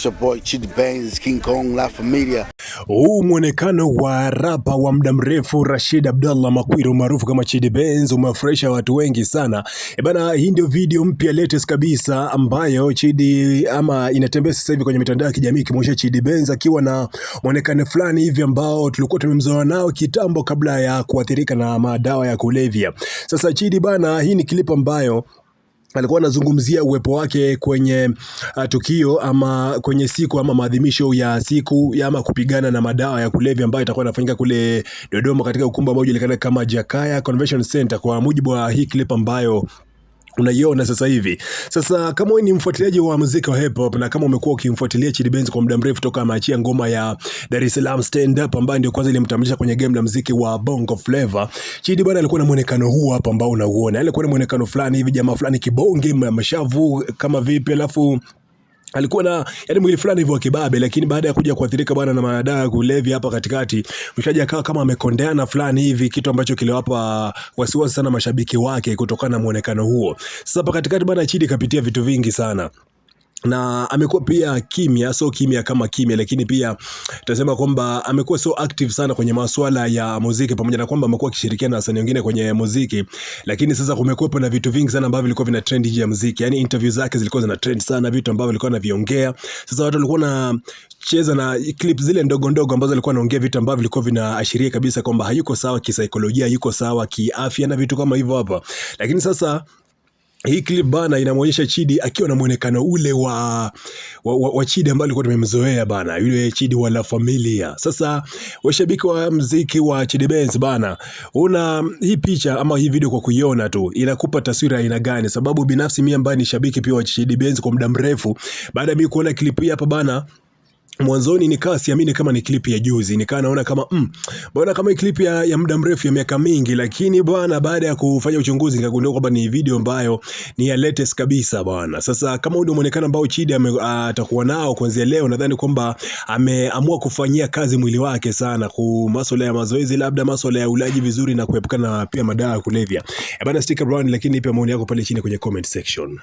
It's your boy Chidi Benz, King Kong, La Familia. Huu mwonekano wa rapa wa muda mrefu Rashid Abdallah makwiri maarufu kama Chidi Benz umewafurahisha watu wengi sana. E bana, hii ndio video mpya latest kabisa ambayo Chidi ama inatembea sasa hivi kwenye mitandao ya kijamii ikimwonyesha Chidi Benz akiwa na mwonekano fulani hivi ambao tulikuwa tumemzoea nao kitambo kabla ya kuathirika na madawa ya kulevya. Sasa Chidi bana, hii ni clip ambayo alikuwa anazungumzia uwepo wake kwenye uh, tukio ama kwenye siku ama maadhimisho ya siku ya ama kupigana na madawa ya kulevya ambayo itakuwa inafanyika kule Dodoma katika ukumbi ambao unajulikana kama Jakaya Convention Center, kwa mujibu wa hii clip ambayo unaiona sasa hivi. Sasa kama wewe ni mfuatiliaji wa muziki wa hip hop na kama umekuwa ukimfuatilia Chidi Benz kwa muda mrefu toka ameachia ngoma ya Dar es Salaam stand up ambayo ndio kwanza ilimtambulisha kwenye game la muziki wa Bongo Flava, Chidi bwana alikuwa na muonekano huu hapa ambao unauona. Alikuwa na muonekano fulani hivi, jamaa fulani kibonge, mashavu kama vipi, alafu alikuwa na yani mwili fulani hivyo kibabe, lakini baada ya kuja kuathirika bwana na madawa ya kulevya hapa katikati, mshikaji akawa kama amekondeana fulani hivi, kitu ambacho kiliwapa wasiwasi sana mashabiki wake kutokana na muonekano huo. Sasa hapa katikati bwana, Chidi kapitia vitu vingi sana na amekuwa pia kimya, so kimya kama kimya, lakini pia tutasema kwamba amekuwa so active sana kwenye masuala ya muziki, pamoja na kwamba amekuwa akishirikiana na wasanii wengine kwenye muziki, lakini sasa kumekuwepo na vitu vingi sana ambavyo vilikuwa vina trend ya muziki, yani interview zake zilikuwa zina trend sana, vitu ambavyo alikuwa anaviongea. Sasa watu walikuwa na cheza na clip zile ndogo ndogo ambazo alikuwa anaongea vitu ambavyo vilikuwa vinaashiria kabisa kwamba hayuko sawa kisaikolojia, yuko sawa kiafya na vitu kama hivyo hapa, lakini sasa hii clip bana inamwonyesha Chidi akiwa na mwonekano ule wa, wa, wa, wa Chidi ambaye alikuwa tumemzoea bana, yule Chidi wa La Familia. Sasa washabiki wa mziki wa Chidi Benz bana, una hii picha ama hii video kwa kuiona tu inakupa taswira aina gani? Sababu binafsi mimi ambaye ni shabiki pia wa Chidi Benz kwa muda mrefu, baada ya mimi kuona clip hii hapa bana Mwanzoni nikaa siamini kama ni klipi ya juzi, nikaa naona kama mm, bwana kama klipi ya, ya muda mrefu ya miaka mingi, lakini bwana, baada ya kufanya uchunguzi nikagundua kwamba ni video ambayo ni ya latest kabisa bwana. Sasa kama ndio muonekano ambao Chidi atakuwa nao kuanzia leo, nadhani kwamba ameamua kufanyia kazi mwili wake sana ku masuala ya mazoezi, labda masuala ya ulaji vizuri na kuepukana pia madawa ya kulevya. E eh, bwana, stick around, lakini nipe maoni yako pale chini kwenye comment section.